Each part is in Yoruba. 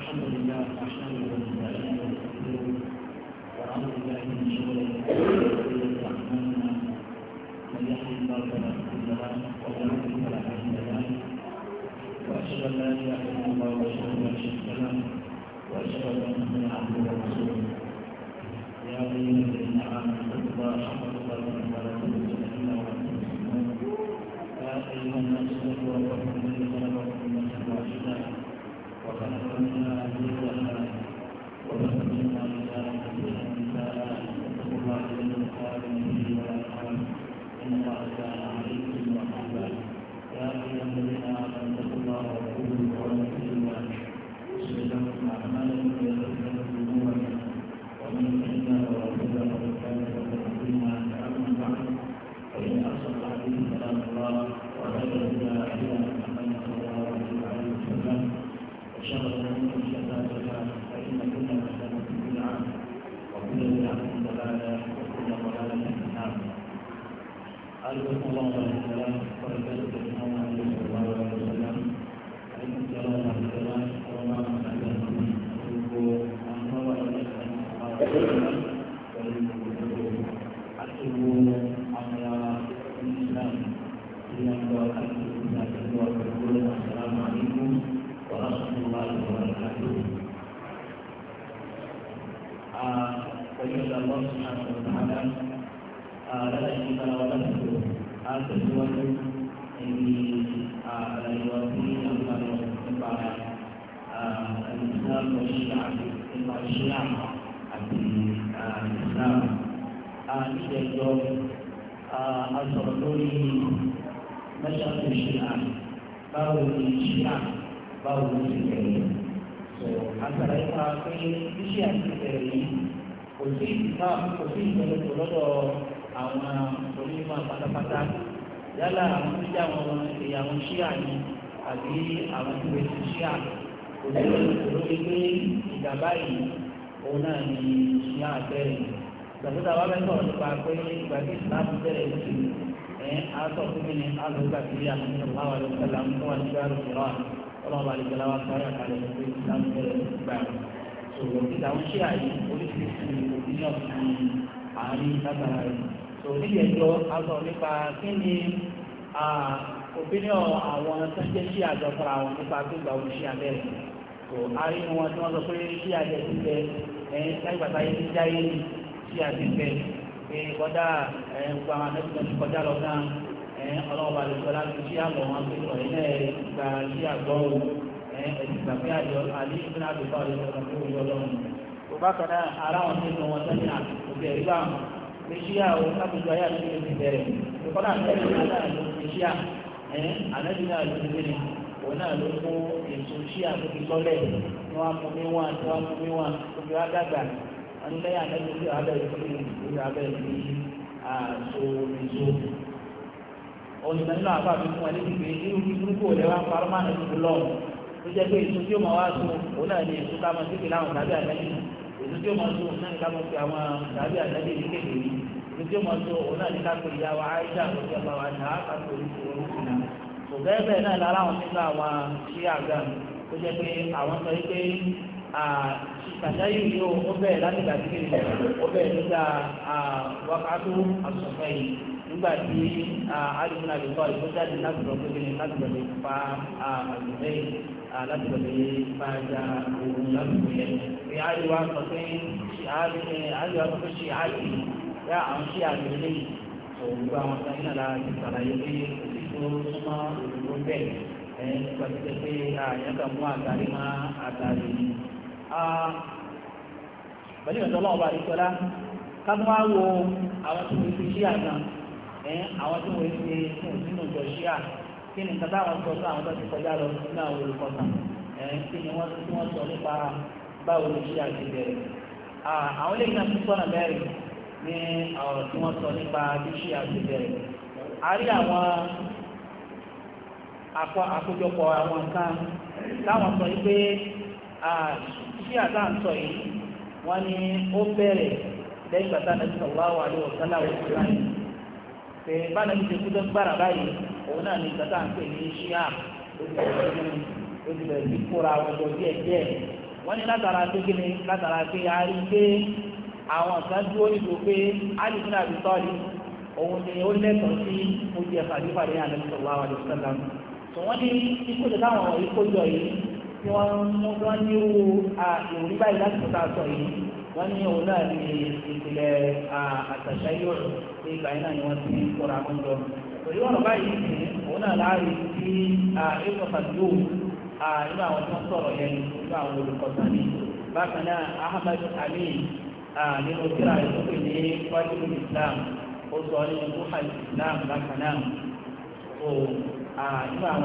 الحمد لله نحمده ونستعينه ونستغفره ونعوذ بالله من شرور انفسنا واعمالنا من يهده الله فلا مضل له ومن يضلل فلا هادي له واشهد ان لا اله الا الله وحده لا شريك له واشهد ان محمدا عبده ورسوله يا ايها الذين امنوا اتقوا الله حق تقاته ولا يا أيها الذين آمنوا اتقوا الله وقولوا قولا سديدا ẹni ìṣòro ti pé ìjàmbá yìí òun náà ni ìṣúná àbẹ́rẹ́ ìgbàgbọ́dọ̀ wa bẹ́ẹ̀ sọ̀rọ̀ nípa pé ìgbà tí ìsìláàmù bẹ̀rẹ̀ lóṣù ẹ̀ á sọ fún mi ní alùpùpù àti ìyá mi ní ọ̀la wa ló ń tẹ̀lé àwọn tó wà ní ìgbà rẹ̀ wá ọlọ́run bá lè jẹ́ láwa sọ ọ̀rọ̀ kalẹ̀ pé ìsìláàmù bẹ̀rẹ̀ gbà sọ̀rọ̀ nígbà wọn ṣé àyè oríṣiríṣi òpinion àárín látara rẹ̀ sọ̀rọ̀ tó arínú wọn tí wọ́n sọ pé tí a jẹ ti tẹ ẹ̀yìn láìpàtà yìí ti já yìí tí a ti tẹ ẹ̀yìn kọjá ẹ̀yìn gbogbo àwọn anẹ́tìmọ̀ ti kọjá lọ náà ẹ̀yìn ọlọ́wọ́ balẹ̀ sọ láti tí a lọ wọn pé náà gba tí a o ẹ̀yìn ẹ̀dìgbà pé àjọ àlẹ́ ìpínlẹ̀ àdúgbò àlẹ́ tó wù òun náà ló kó èso sí àtúntò sọ́lẹ̀ ní wọ́n mú mi wá ní wọ́n mú mi wá òbí wa dàgbà wọn lẹ́yìn àtẹ́jú sí abẹ́ ìlú ìlú abẹ́ ìlú àṣọ ìṣó. òṣìṣẹ́ nínú àbá mi fún wa ní ìgbé irú burúkú òde wa parọ́ máa nà ìlú lọ́wọ́ ó jẹ́ pé èso tí ó máa wá so òun náà ní èso ká máa sí ìlànà tàbí àtẹ́jú èso tí ó máa so náà ní ká fi àwọn tàbí àtẹ́jú ìdíkèké èso tí ó máa so òun náà ní ká kò bẹ́ẹ̀ bẹ́ẹ̀ náà lára àwọn nígbà àwọn sí àgbà tó jẹ́ pé àwọn sọ wípé tàtàyù yóò ó bẹ̀rẹ̀ láti gbà sílẹ̀ rẹ̀ ó bẹ̀rẹ̀ nígbà wákàtú àtúnṣe yìí nígbà tí alùpùpù àti ìfọ̀ ìfọ̀ jáde láti lọ pépé láti lọ lè fa àtúnṣe yìí láti lọ lè fa ja òun lásìkò yẹn. pé àríwá sọ pé àríwá sọ pé ṣe àjì yá àwọn ṣe àjì òun gba àwọn sáyẹn láti ṣàlàyé pé tó súnmọ́ òdòdó bẹ́ẹ̀ ẹ̀ nípa pé àyàn kan mú àtàrí má àtàrí ni. pẹ̀lú ìrìnàjò ọlọ́run bá rí sọlá ká tó máa àwọn tó ń fi ṣíà gan ẹ̀ àwọn tó ń fi fún sínú ìjọ ṣíà kí ni sọ fún àwọn tó ti kọjá lọ nínú àwọn kí ni wọ́n wọ́n sọ nípa báwo ni bẹ̀rẹ̀. àwọn mẹ́rin ní àkójọpọ̀ àwọn nǹkan táwọn sọ wípé ṣí àtà ń sọ yìí wọ́n ní ó bẹ̀rẹ̀ lẹ́yìn bàtà nàbí sallallahu alaihi wa sallam ìsìláyìn pé bá nàbí ṣe kúndé gbára báyìí òun náà ní bàtà ń pè ní ṣíà lójúbẹ̀rẹ̀ sí kóra ọjọ́ díẹ̀ díẹ̀ wọ́n ní látara pé kí ni látara pé a rí pé àwọn kan dúró nígbò pé alìsínà àbí sọ́ọ̀lì òun ni ó lẹ́tọ̀ọ́ sí ojú ẹ̀fà nípa ní àlẹ́ sallallahu alaihi wa sallam tó wọ́n ní ikú tó táwọn ọ̀rọ̀ yìí kó yọ yìí tí wọ́n mú wọ́n ní irú ìròrí báyìí láti tó sọ yìí wọ́n ní òun náà ní ìpìlẹ̀ àtàṣà yóò ṣe ìgbà yìí náà ni wọ́n ti kóra mọ́ jọ. òyìnbó ọ̀rọ̀ báyìí ní òun náà láàárín sí ẹ̀kọ́ fàdúró nínú àwọn tó ń sọ̀rọ̀ yẹn nínú àwọn olùkọ́sán ni bákan náà ahmad ali nínú kíra ìsókè ní wájú islam ó sọ nínú nínú àwọn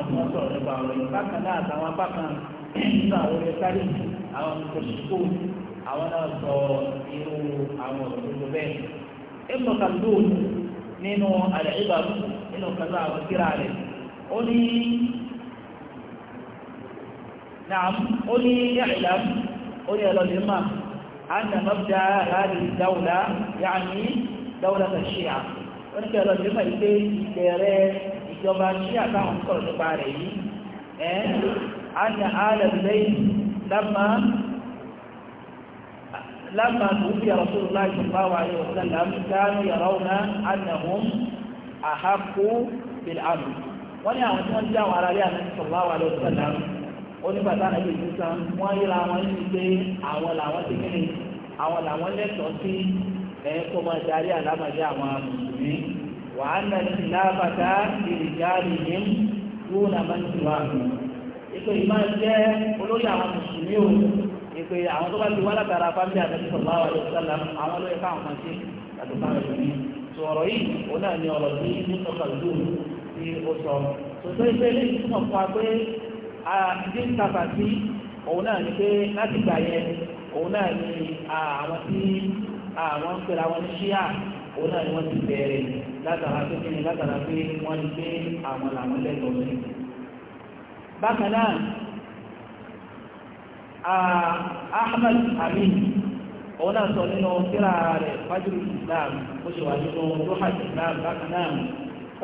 tí wọ́n sọ̀rọ̀ nípa ọ̀rọ̀ yìí bákan náà àtàwọn bákan nínú àwọn olùkárí àwọn kòsìkò àwọn náà sọ irú àwọn òṣèlú bẹ́ẹ̀. ibnu kaldun nínú àlẹ́ ìbàdù nínú kàdá àwọn kíra rẹ̀ ó ní نعم قل يعلم قل العلماء أن مبدأ هذه الدولة يعني دولة الشيعة ونكال العلماء يقول ìjọba ní àtàwọn sọ̀rọ̀ nípa rẹ̀ yìí ẹ́ àyà alẹ́lẹ́yìn lámà lùfí àrọ̀sọ́rọ̀ láti bá wà ní ọ̀sẹ̀lá kánú yàrá ọ̀nà ànàhùn àhákú bìláàmù wọ́n ní àwọn tí wọ́n jẹ́ àwọn aráyé àti sọ̀rọ̀ wà ní ọ̀sẹ̀lá onígbàtà nàbí ìdúsá wọ́n yíra wọn ní pé àwọn làwọn ti kéde àwọn làwọn lẹ́tọ̀ọ́ sí ẹ̀ẹ́kọ́ máa darí àlámàdé àwọn mùsùlùmí وأن الخلافة برجالهم دون من سواهم ìpè ìmá jẹ́ olórí àwọn mùsùlùmí o ìpè àwọn tó bá ti wá látara fámílì àtàkì sọ̀rọ̀ àwọn àlejò sálà àwọn olóyè káwọn kan sí yàtọ̀ sáwọn ìlúmi sọ̀rọ̀ yìí òun náà ni ọ̀rọ̀ tí ní sọ̀kà lóòrùn tí ó sọ tòótọ́ ìpè ní ìtumọ̀ fún wa pé àdé ń tàfà sí òun náà ni pé láti gbà yẹn òun náà ni àwọn tí àwọn ń pèrè àwọn ní ṣíà òun náà ni wọ́n ti bẹ̀rẹ̀ látara pé kí ni látara pé wọ́n ti gbé àwọn làwọn lẹ́tọ̀ọ́ sí. bákan náà ahmed amin òun náà sọ nínú síra rẹ̀ fájúrú islam ó ṣe wà nínú ruha islam bákan náà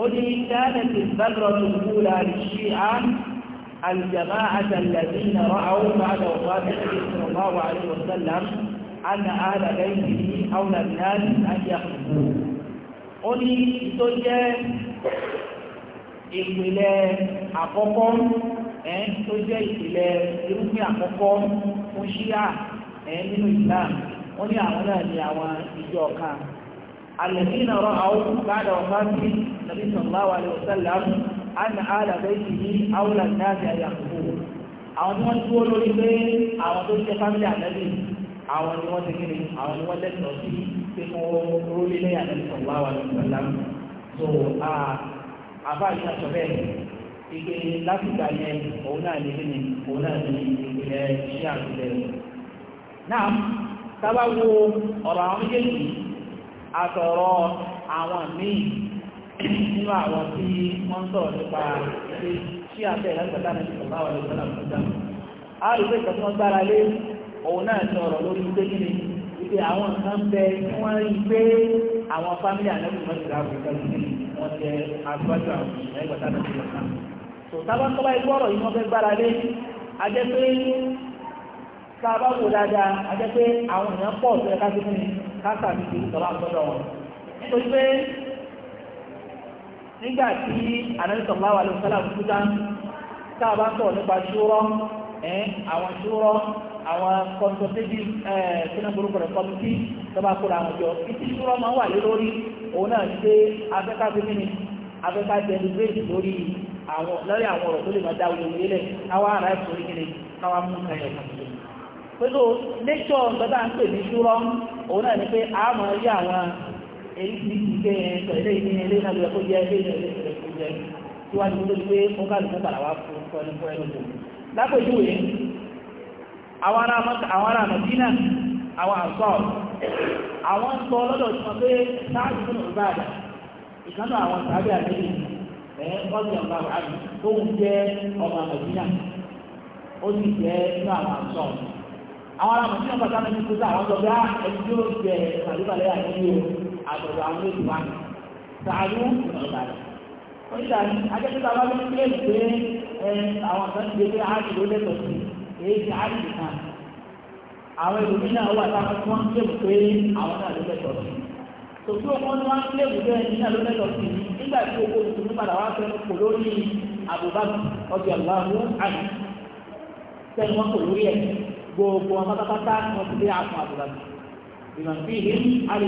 ó ní dáadáa ti bàbá tó kú láàrin ṣí à الجماعة الذين رأوا بعد وفاة النبي صلى الله عليه وسلم anna ahla baytihi awla an-nas an yakhruju ó ní tó jẹ́ ìpìlẹ̀ àkọ́kọ́ ẹ̀ tó jẹ́ ìpìlẹ̀ irúgbìn àkọ́kọ́ fún ṣíà ẹ̀ nínú Islam ó ní àwọn náà ní àwọn ìjọ kan الذين رأوا بعد وفاة النبي صلى الله عليه وسلم أن آل بيته أولى الناس أن يخطبوه àwọn tí wọ́n tí ó lórí pé àwọn tó ṣe fámílì àlẹ́bí àwọn ni wọ́n ti kí ni àwọn ni wọ́n lẹ́tọ̀ọ́ sí pé kí wọ́n rólé lẹ́yìn àtẹ̀sọ̀ wá wà ní ìgbàlá so àbá yìí náà sọ bẹ́ẹ̀ ike lásìkò yẹn òun náà ní kí ni òun náà ní ìpìlẹ̀ iṣẹ́ àtúnṣe rẹ̀ náà sábà wo ọ̀rọ̀ àwọn méjèèjì àtọ̀rọ̀ àwọn míì nínú àwọn tí wọ́n ń sọ̀rọ̀ nípa ṣé àtẹ̀ láti pàtàkì ìgbàlá wà ní ìgbàlá òun náà sọ̀rọ̀ lórí pé kí ni wípé àwọn kan bẹ kí wọ́n rí pé àwọn fámìlì àlẹ́kùn mọ́tò láàbù kẹ́lí ni wọ́n jẹ agbájú àwọn ìṣẹ̀lẹ̀ ìgbàta náà ti lọ sáà. tó sábà ń tọ́ba ìgbọ́rọ̀ yìí wọ́n fẹ́ gbára lé ajẹ́ pé sábà wò dáadáa ajẹ́ pé àwọn èèyàn pọ̀ tó yẹ ká sí fún mi ká sàbíkì ìtọ́lá àtọ́jọ́ wọn. nítorí pé nígbà tí àlẹ́ sọ̀rọ̀ àwọn ṣúrọ́ àwọn kọ́ńtọ́tẹ́bí sinagbórúkọ rẹ̀ kọ́mítì tọ́ba kóra àwọn jọ títí ṣúrọ́ máa wà lé lórí òun náà ti pé afẹ́ká fífi ni afẹ́ká tẹ̀lé bírèkì lórí àwọn lórí àwọn ọ̀rọ̀ tó lè máa dá wọlé wọlé lẹ̀ káwá ara ẹ̀ sórí kíni káwá mú kẹyọ̀ kàtó pẹ̀lú lẹ́tọ̀ tọ́ta ni pé a mọ̀ rí àwọn èyí ti gbé ẹ̀ẹ́sọ̀ ilé ìní ilé náà lóyẹ kó jẹ́ ilé ìní ilé ìrẹ̀kú lápẹjúwe àwọn ará Madina àwọn àṣọ àwọn sọ lọ́dọ̀ tí wọ́n pé sáàbì fún ìbáàdà ìkánú àwọn sáàbì àtẹ́lẹ̀ ẹ̀ ọ́sì ọ̀gá àbí tó ń jẹ́ ọmọ Madina ó sì jẹ́ inú àwọn àṣọ àwọn ará Madina bàtà náà ní kúta àwọn sọgbà ah, ẹni tí ó jẹ àdúgbàlẹ̀ àti ìlú àtọ̀dọ̀ àwọn oníṣà ní ajẹ́pẹ́ta bá ní ilé ìgbé àwọn kan ti gbé áàdì ló lẹ́tọ̀ọ́ sí èyí ti áàdì nìkan àwọn ìlú náà wà táwọn tí wọ́n ń lè pé àwọn náà ló lẹ́tọ̀ọ́ sí tòkí òkun ni wọ́n ń lè wùdó ẹni náà ló lẹ́tọ̀ọ́ sí nígbà tí owó tuntun padà wá fẹ́ kò lórí àbúbáàbù ọjọ́ àbúbáàbù àná sẹ́ni wọ́n kò lórí ẹ̀ gbogbo wọn pátápátá wọn ti dé àfún àbúbáàbù ìrànfíì ní àlè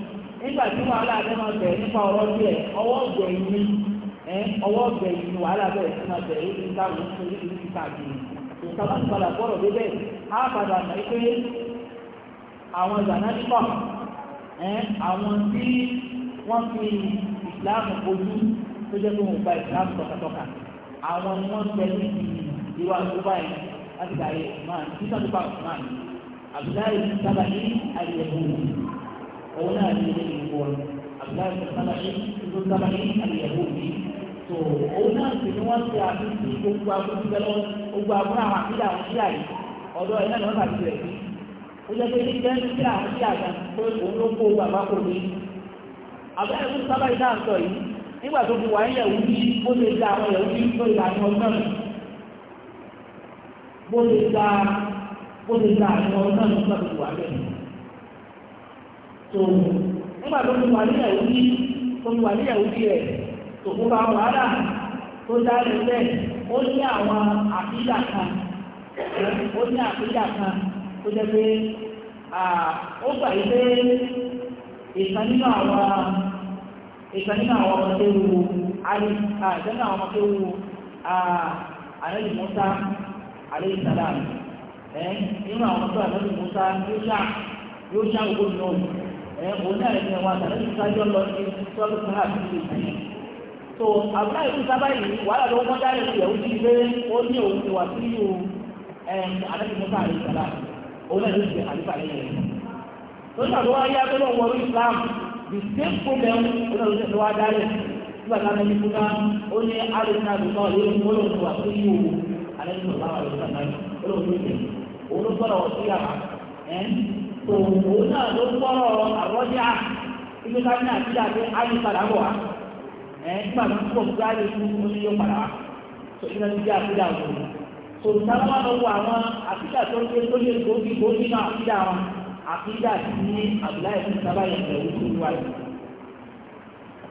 nígbà tí wàhálà rẹ máa bẹ̀rẹ̀ nípa ọ̀rọ̀ bí ẹ̀ ọwọ́ ọ̀gbẹ̀ yìí ẹ ọwọ́ ọ̀gbẹ̀ yìí wàhálà bẹ̀rẹ̀ sí máa bẹ̀rẹ̀ yìí nígbà wọn fún yìí ní káàkiri ìsọ̀rọ̀ ìsọ̀rọ̀ àgbọ̀rọ̀ débẹ̀ á padà mọ̀ pé àwọn zanadikọ̀ ẹ àwọn tí wọ́n fi ìsìláàmù ojú tó jẹ́ pé wọ́n gba ìsìláàmù tọkàtọkà àwọn ni wọ́n pẹ́ ní ìwà àgbọ̀bá yìí láti gbà yẹ òun náà ní ìwọ abdullahi sàlámàlì lùsàmàlì ni wọ́n ti àbíkí gbogbo agbóhùn bẹ́lọ́ gbogbo agbóhùn àwọn àbílẹ̀ àwọn sílẹ̀ yìí ọ̀dọ́ ẹ̀ náà ni wọ́n bá ti rẹ̀ sí ó jẹ́ pé ní bẹ́ẹ̀ ní sílẹ̀ àwọn sílẹ̀ àgbà tó nígbà tó fi wà níyàwó bí tó fi wà níyàwó bí rẹ̀ tó kó bá wàhálà tó dálé bẹ́ẹ̀ ó ní àwọn àfíjà kan ó ní àfíjà kan tó jẹ́ pé ó gbà yí pé ìkan nínú àwọn ìkan nínú àwọn ọmọdé wo àjẹ́nà àwọn ọmọdé wo àrẹ́lì mọ́sá àrẹ́lì sàdáàmù ẹ̀ nínú àwọn ọmọdé àrẹ́lì mọ́sá yóò ṣá yóò ṣá gbogbo náà òun náà ní ẹwà àtàlẹ́ ìsájọ́ lọ sí tọ́lù sáà sí ìlú yìí so àbúrò ìlú sábà yìí wàhálà tó wọ́n dáre sí ẹ̀wù sí pé ó ní òun ti wà sí ìlú àtàlẹ́ ìmọ̀ta àrẹ ìsàlá òun náà ló ti àlùfà lẹ́yìn Islam the same problem òun náà ló ti wá dáre nígbà tá a lọ ní kúta ó ní àrùn náà lùtọ́ ìlú olóòtú wà sí ìlú àtàlẹ́ ìmọ̀ta àrẹ ìsàlá òun náà ló gbọ́rọ̀ àrọ́jà ibi káfí náà ti dàgbé ayé padà bọ̀ wá ẹ̀ nígbà tó ń pọ̀ gbá ayé fún oníyó padà wá tó iná ti dé àfídà òun tó sábà lọ wọ àwọn àfídà tó ń gbé tó lè tó fi bóyí náà àfídà wọn àfídà ti ní àbúláyé fún sábà yẹn pẹ̀lú tó wà yìí.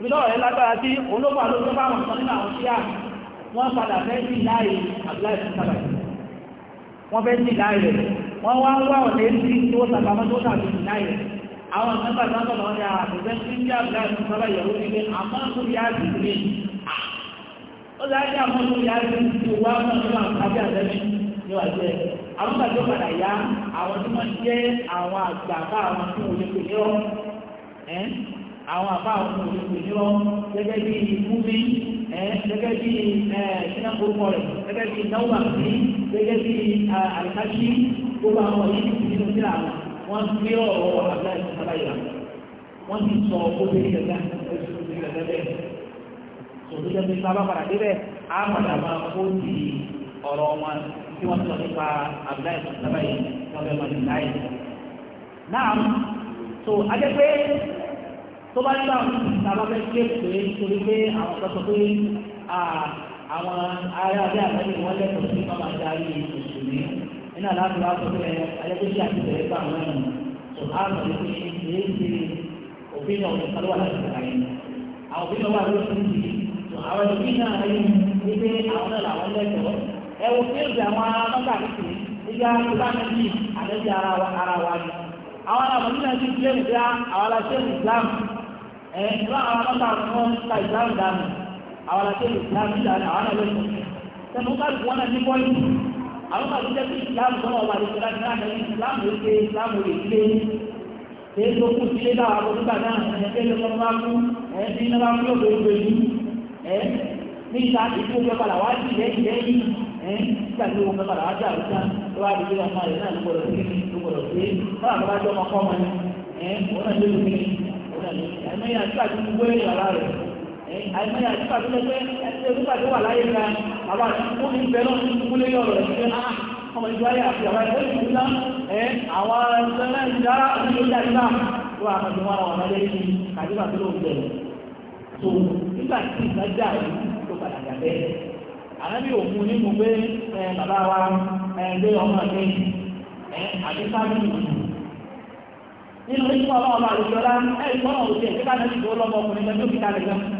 ibi náà rẹ̀ lágbára sí òun ló tó bá sọ nínú àwọn síyà wọ́n padà fẹ́ sí láàyè àbúláyé fún sábà yìí wọ́n fẹ́ sí láàyè rẹ̀ wọ́n wá wá ọ̀lẹ́ sí tí ó sàpamọ́ tó sàbí ìnáyẹ̀ àwọn ìjọba ìjọba wọn ni àtẹ̀fẹ́ sí ní àbúrà ìlú sọ́lá ìyàwó ní pé àmọ́ tó yá sí ilé ó sáré ní àmọ́ tó yá sí ti wá mọ́ tó wà tàbí àtẹ́mí ní wà jẹ́ àwọn ìgbàjọ́ padà yá àwọn tí wọ́n jẹ́ àwọn àgbà bá àwọn tó wọlé pè ní ọ́ àwọn àbá àwọn tó wọlé pè ní ọ́ gẹ́gẹ́ bí múmi gẹ́gẹ́ bí ṣínà orúkọ rẹ̀ gẹ́gẹ́ bí náwó àti gẹ́gẹ́ bí àlùkáṣí gbogbo àwọn yìí ti nínú síra wọn gbé ọ̀rọ̀ àbúrò ìsọ̀tàbà yìí wọ́n ti sọ obìnrin gàgà oṣù obìnrin gàgà bẹ́ẹ̀ tòun jẹ́ pé sábà padà débẹ̀ á padà máa kó di ọ̀rọ̀ wọn tí wọ́n sọ nípa àbúrò ìsọ̀tàbà yìí wọ́n fẹ́ máa ní láì. náà tó ajẹ́ pé tó bá nígbà sábà fẹ́ ké pé torí pé àwọn kan sọ pé àwọn ará abẹ́ àgbẹ̀ ni wọ́n lẹ́tọ̀ọ́ sí máa máa darí òṣèlú iná láti wá sọ pé ayẹ́kọ́sí àti bẹ̀rẹ̀ bá àwọn ẹ̀rọ tó á mọ̀ ní pé kìí ṣe òfin náà ní kálọ́wà láti bẹ̀rẹ̀ yẹn. àwọn òfin náà wà lórí fún mi tó àwọn òfin náà rí ní pé àwọn náà làwọn lẹ́tọ̀ọ́. ẹ wo fíìlì àwọn nọ́mbà kékeré nígbà tó bá ní bí àlejò ara wa ara wa ni. àwọn ará wọn nígbà tí ó lé nígbà àwọn aláṣẹ Islam ẹ ìlú àwọn nọ́mbà wọn ta Islam dànù àwọn àwọn máa ti jẹ́kí ìsìláàmù tó wà ní ìsìláàmù ìsìláàmù ìṣe ìsìláàmù ìṣe èyí tó kú sílé náà àwọn nígbà náà ẹ̀ẹ́dẹ́ lọ́wọ́ bá kú ẹ̀ẹ́dẹ́ náà bá kú lọ́dọ̀ ìgbè yìí ẹ̀ ní ìta ìdí omi ọ̀padà wá sí ilẹ̀ ìlẹ̀ yìí ẹ̀ nígbà tí omi ọ̀padà wá sí àwùjá tó wá di ilé ọmọ rẹ̀ náà ló gbọdọ̀ sí ló gbọdọ̀ sí fọlá tó bá jọ ọmọ kọ́ ọmọ ni ẹ̀ òun náà ló lù mí òun náà ló lù mí àìmọ́ àìmọye àdúgbà tó lẹ́gbẹ́ ẹgbẹ́ olúgbà tó wà láyé ga àwọn àdúgbò ní ìbẹ̀ náà ní ìkúlé yọ̀rọ̀ rẹ̀ ṣe náà ah, ọmọ ìjọ ayé àti àwọn ẹgbẹ́ ìlú ńlá ẹ àwọn ẹgbẹ́ ìjà ní ìjà ìjà tó wà àmọ́ ìwọ̀n àwọn ọmọdé ní àdúgbà tó lóun bẹ̀rẹ̀ tó nígbà tí ìgbà jà yìí tó padà jà bẹ́ẹ̀ ànábì òkun ní mo gbé bàbá wa gbé ọmọ mi àti sábì nínú ìfún ọlọ́ọ̀bà àlùjọ́lá ẹ̀ ìfọ́nà òkè kíkà náà ti dúró lọ́mọ ọkùnrin lọ́jọ́ kíkà lẹ́gbẹ̀ẹ́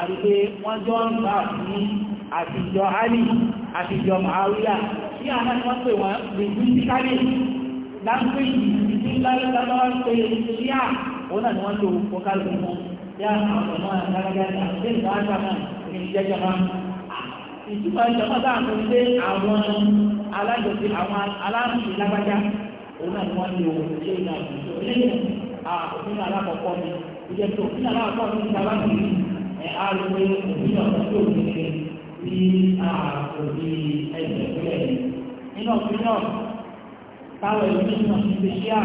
àrígbé wọ́n jọ ń bá ní àtijọ́ alì àtijọ́ màáríà tí a náà wọ́n pè wọ́n rìpítíkálì láńpéjì ìdí lálẹ́lọ́wọ́ pé sí à òun náà ni wọ́n lò fọ́kálù wọn yá àwọn ọmọ àgbàlagbà àti ìgbàlagbà náà ní ìjẹ́jọ́ náà ìtumọ̀ ìjọba bá àwọn ilé àwọn alájọsí àwọn alárùn ìlágbájá òun náà ni wọ́n lè wò ṣe ìlànà ìṣòro lẹ́yìn àkókò alákọ̀ọ́kọ́ mi ìjẹ́ tó ní alákọ̀ọ́kọ́ mi ní alákọ̀ọ́kọ́ mi ẹ á rí pé òbí ọ̀sán tó ní ṣe bí òbí ẹgbẹ́ ìpínlẹ̀ yìí nínú opinion táwọn ìlú ní ìmọ̀ ti ṣe à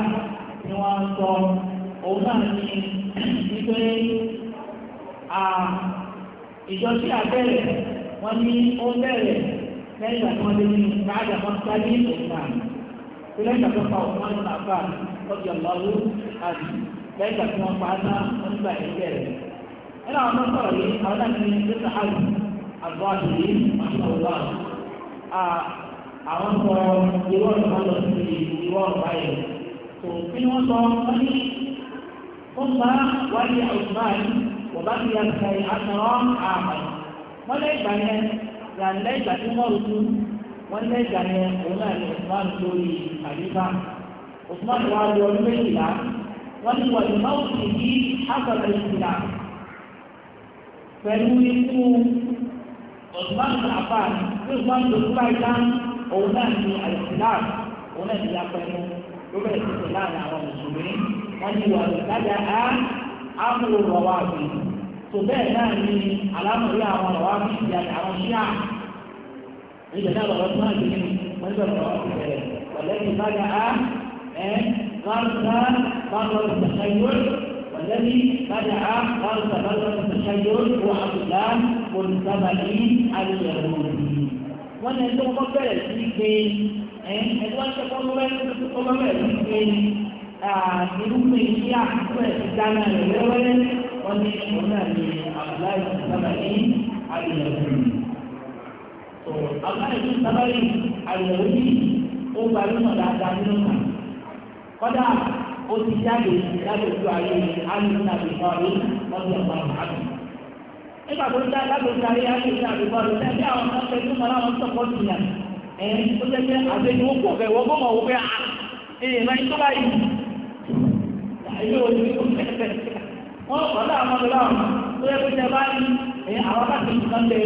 ni wọ́n ń sọ òun náà ní wípé ìjọ sí abẹ́rẹ̀ wọ́n ní ó bẹ̀rẹ̀ lẹ́yìn àti ní káàdà wọn sáré ìgbà lẹ́yìn àti wọ́n pa òun náà nípa ọjọ́ ìlọ́wọ́ àti lẹ́yìn àti wọ́n pa á náà wọ́n nígbà ìbẹ̀rẹ̀ nínú àwọn tó sọ̀rọ̀ yìí àwọn náà ní ilé sàhálì àgbọ̀dù yìí àṣọwọ́ àwọn sọ irú ọ̀rọ̀ wọn lọ sí irú ọ̀rọ̀ báyìí tó kí wọ́n sọ wọ́n ní ó ń bá wáyé ọ̀sùnmáì wọ́n bá fi àṣà àṣàrọ̀ àmà wọ́n lé ìgbà yẹn yàrá ìgbà tí wọ́n rú wọ́n lé ìgbà yẹn òun náà ní ọ̀sùnmáì lórí àdífà ọ̀sùnmáì wà lórí méjìlá wọ́n ní wọ́n ìmọ̀ òsì pẹ̀lú ikú ọ̀sùnmáà ní àbá tí ọ̀sùnmáà ní òkú báyìí dá òun náà ní àìsíláà òun náà ní yapẹ̀lú ló bẹ̀rẹ̀ sí ìṣẹ̀lá ní àwọn mùsùlùmí wọ́n ní wà lùdájà á ámúlò rọ̀wá àbí tó bẹ́ẹ̀ náà ní alámọ̀rí àwọn rọ̀wá àbí ìdí àti àwọn ṣíà nígbà náà lọ́wọ́ tó náà ti ní wọ́n bẹ̀rẹ̀ rọ̀wá àbí bẹ̀rẹ̀ pẹ̀lẹ́ الذي بدع أرض بدر التشيع وأقلام والمتبعين على اليهود wọ́n ní ẹjọ́ kọ́ bẹ̀rẹ̀ sí pé ẹjọ́ ṣe kọ́ bẹ̀rẹ̀ kọ́ bẹ̀rẹ̀ sí pé irúgbìn sí àkókò ẹ̀sì dáná rẹ̀ wẹ́wẹ́rẹ́ wọ́n ní ìwọ̀n náà ní àbúláì sábàrí àyẹ̀wò àbúláì àyẹ̀wò yìí ó gbajúmọ̀ dáadáa nínú kan kọ́dà ó ti jáde lábẹ́jú ayé alùpùpù àbíkọ́rí lọ́dún ọ̀pọ̀ àbí. nígbà tó dá lábẹ́jú ayé alùpùpù àbíkọ́rí tẹ́lẹ̀ àwọn ọ̀sẹ̀ tó mọ láwọn sọ̀kọ́ ti yà ẹ̀ ó jẹ́ pé àbẹ́jú ó pọ̀ bẹ̀ wọ́n bọ́ mọ̀ wọ́n pé à ah, èyí máa ń tó báyìí. wọ́n kọ́ láwọn ọmọ lọ́wọ́ tó yẹ kó jẹ báyìí ẹ̀yìn àwọn akáàtì nǹkan lè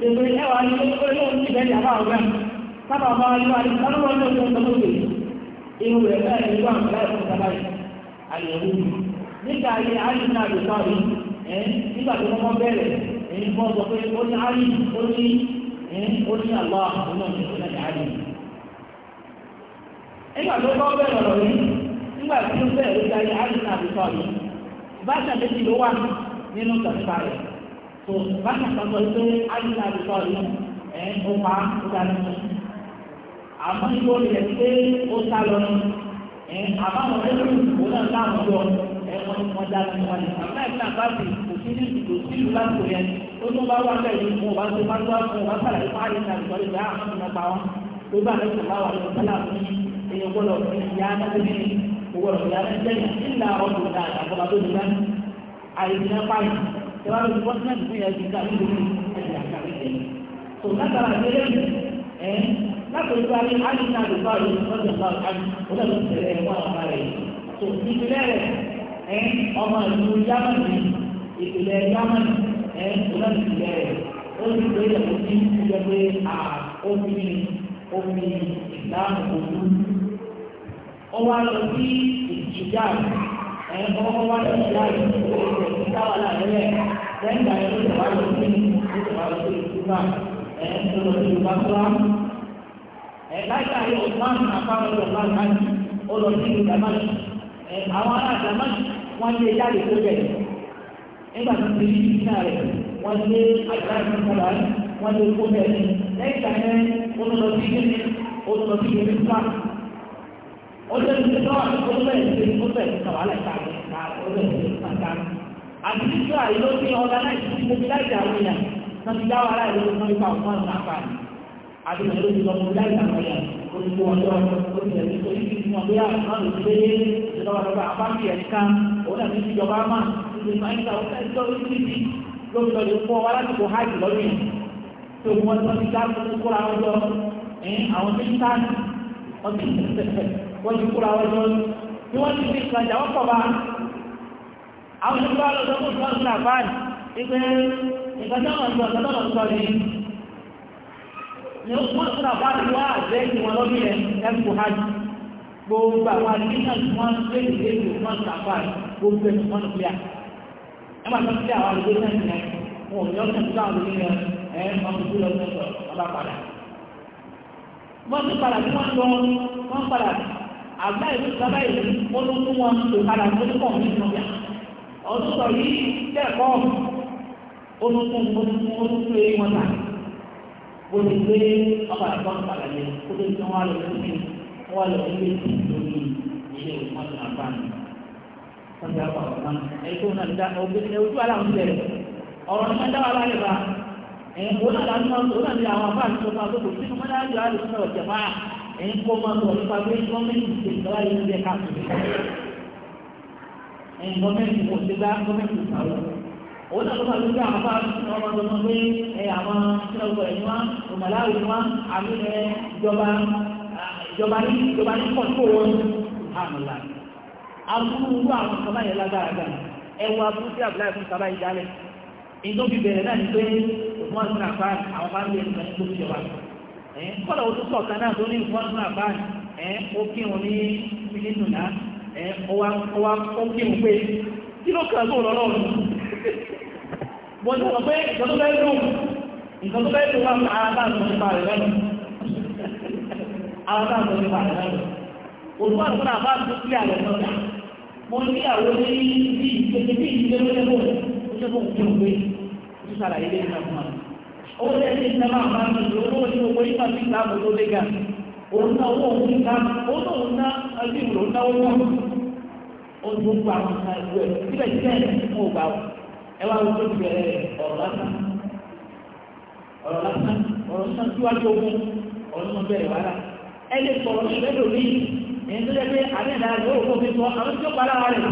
ṣe pé ẹwà ni ó lóun níbẹ̀ yàrá ọ̀gá sábà máa ń irú rẹ̀ náà ní wà ní láti sábà yìí àyẹ̀wò nígbà ayé ayé náà lè sọ̀rọ̀ ẹ̀ nígbà tó kọ́kọ́ bẹ̀rẹ̀ ẹni fọ́ sọ pé ó ní ayé ó ní ó ní àlọ́ àwọn ọmọ ìṣẹ̀lẹ̀ ní ayé. nígbà tó kọ́ bẹ̀rẹ̀ ọ̀rọ̀ yìí nígbà bẹ̀rẹ̀ ayé ayé báṣà méjì ló wà nínú àmọ́ ìlú olè pé ó sá lọ ní ẹ àbáwọn ẹlòmí òun náà láwọn yọ ẹ wọn wọn dá lọ wọn ni àmọ́ ẹ̀ náà bá fi òfin ní ìdìbò sí ìlú láti rẹ ó ní wọn bá wà bẹ́ẹ̀ ni mo bá tó bá tó wá fún un wọn sàlàyé fún àyè náà lọ́dún ah, bá àwọn ọmọ pa wọn tó bá lọ́dún bá wà lọ́dún sálà fún ẹ̀yìn gbọ́dọ̀ ìyá ìyá adájọ́ àtòlùbárí àdìsá àdìbáyé lọ́jọ́ bá àdì olóòtú tẹ̀lé ẹ̀kọ́ ọ̀gá rẹ̀ tó ìpìlẹ̀ rẹ̀ ẹ̀ ọmọ ìlú yámánì ìpìlẹ̀ yámánì ẹ̀ olóòtú tẹ̀lé rẹ̀ ó ti gbé ìyàwó sí ìjọ pé à omi omi ìdáhùn òkú ó wá lọ sí ìjìjà ẹ̀ ọmọ wá lọ sí ìjìjà ìjìjà wà láàrẹ̀ lẹ́yìn ìgbà yẹn ló ti wá lọ sí ìjìjà ẹ̀ẹ́dájà yóò Osman àpamọ́ Osman láti ó lọ sí ìlú Damasi ẹ̀ àwọn ará Damasi wọ́n lé jáde tó bẹ̀ nígbà tó ti rí ìdíná rẹ̀ wọ́n lé àjàdá ìsọ̀rọ̀ rẹ̀ wọ́n lé kó bẹ̀ ní lẹ́yìn tàbí ó lọ sí ìlú ó lọ sí ìlú Islam ó lé ní sọ́wọ́ ó bẹ̀ sí ó bẹ̀ sí sọ̀rọ̀ alẹ́ káàkiri ká ó bẹ̀ sí pàtàkì àti nígbà ìlú ti ọ̀gá náà ti mobilize àwọn èèyàn náà ti dá wàhálà ìlú náà nípa òun náà àti ìrìnàjò ti lọ fún láì àgbáyà onígbó ọjọ́ oníṣẹ́lẹ̀ tó yí ti mọ̀ bóyá máa lò pé ìjọba lọ́gbà àbámi ẹ̀ka òun àti ìjọba máa ti máa ń ta ọ̀sẹ̀ ìjọ oríṣiríṣi lórí lọ́dún fún ọwọ́ aláṣẹ kò háàjì lọ́dún yìí tó wọ́n tó ti dá fún kóra wọn lọ àwọn tó ń ta ọtí wọ́n ti kóra wọn lọ bí wọ́n ti fi ìtajà wọ́n pọ̀ bá àwọn ìjọba lọ́dún fún ìgbà ni ó mọ̀ sọ́nà bá ti wá àjẹ́ ìwọ̀n lọ́dún yẹn ẹ̀kú hajj gbogbo àwọn àdínàn tí wọ́n ń gbé ìdílé wọn sàfà gbogbo wọn ẹ máa àwọn wọn ò ní àwọn máa ọba padà. ti padà tí lọ padà ìlú sábà ìlú wọn tó padà tó ọdún sọ yìí kẹ́kọ̀ọ́ ó ti gbé ọba ìbọn ìpàdé kó tó ti wá lọ sí wá lọ sí ilé tí lórí ilé ìwòsàn náà bá mi. wọ́n ti àpá ọ̀gá ẹni tó náà dá ọgbẹ́ ní ojú aláwọ̀ bẹ̀rẹ̀ ọ̀rọ̀ ní ẹ̀dá wa láyé bá ẹ̀yìn kó náà láti máa tó náà ní àwọn afá àti ọba àgbẹ̀kọ̀ sínú mọ́lá àjọ àlùfáà ọ̀jẹ̀ máa ẹ̀yìn kó máa ń bẹ káàkiri ẹ̀yìn gọ́ọ̀mẹ́ntì òun náà ló máa ló gbé àwọn afárá tuntun ọmọ ọdún ọmọ pé ẹ àwọn kílọ̀gbọ̀ ẹ̀ ní wá òmàláwò ní wá àmì ẹ ìjọba ìjọba ní ìjọba ní pọ̀ tó wọn àmàlà aburú wú àwọn kaba yẹn lágbára gan ẹwọ aburú sí àbúláyé fún kaba yìí dálẹ̀ ìjọ fi bẹ̀rẹ̀ náà ni pé òfin wọn fún àfáà àwọn bá ń lé ẹnìkan tó fi jọba o tún sọ̀kan náà tó ní òfin wọn fún àfáà ó kí wọn ní mílíọ̀nù náà ó wá ó kí wọn pé kí ló mo ti sọ pé ìjọba bẹ́ẹ̀ dùn ìjọba bẹ́ẹ̀ dùn wà fún ara bá àtúnṣe pa rẹ̀ lẹ́nu ara bá àtúnṣe pa rẹ̀ lẹ́nu òun wà fún àbá àtúnṣe àlẹ́ sọ́jà mo ní àwọn ní bí ìgbésẹ̀ bí ìgbésẹ̀ ló lẹ́kọ̀ọ́ ó ṣe fún òun gbé ó ṣàlàyé lé nígbà fún wa ó lé ní ìjọba àbá àtúnṣe ó lóun ní owó yípa sí ìlànà tó lé ga òun náà owó òun ní ká òun náà òun ná ẹbí òun náà owó ó ti gbogbo àwọn ọ̀sán ìwé síbẹ̀síbẹ̀ fún ògbà wọn ẹwà ló tó bẹ̀rẹ̀ ọ̀rọ̀ lásán ọ̀rọ̀ lásán ọ̀rọ̀ lásán síwájú ogun ọ̀rọ̀ ló bẹ̀rẹ̀ wàhálà ẹ lè sọ̀rọ̀ ìrẹ́lò mi èyí tó jẹ́ pé àmì ìdára yóò kó fi sọ àwọn tí ó pa lára rẹ̀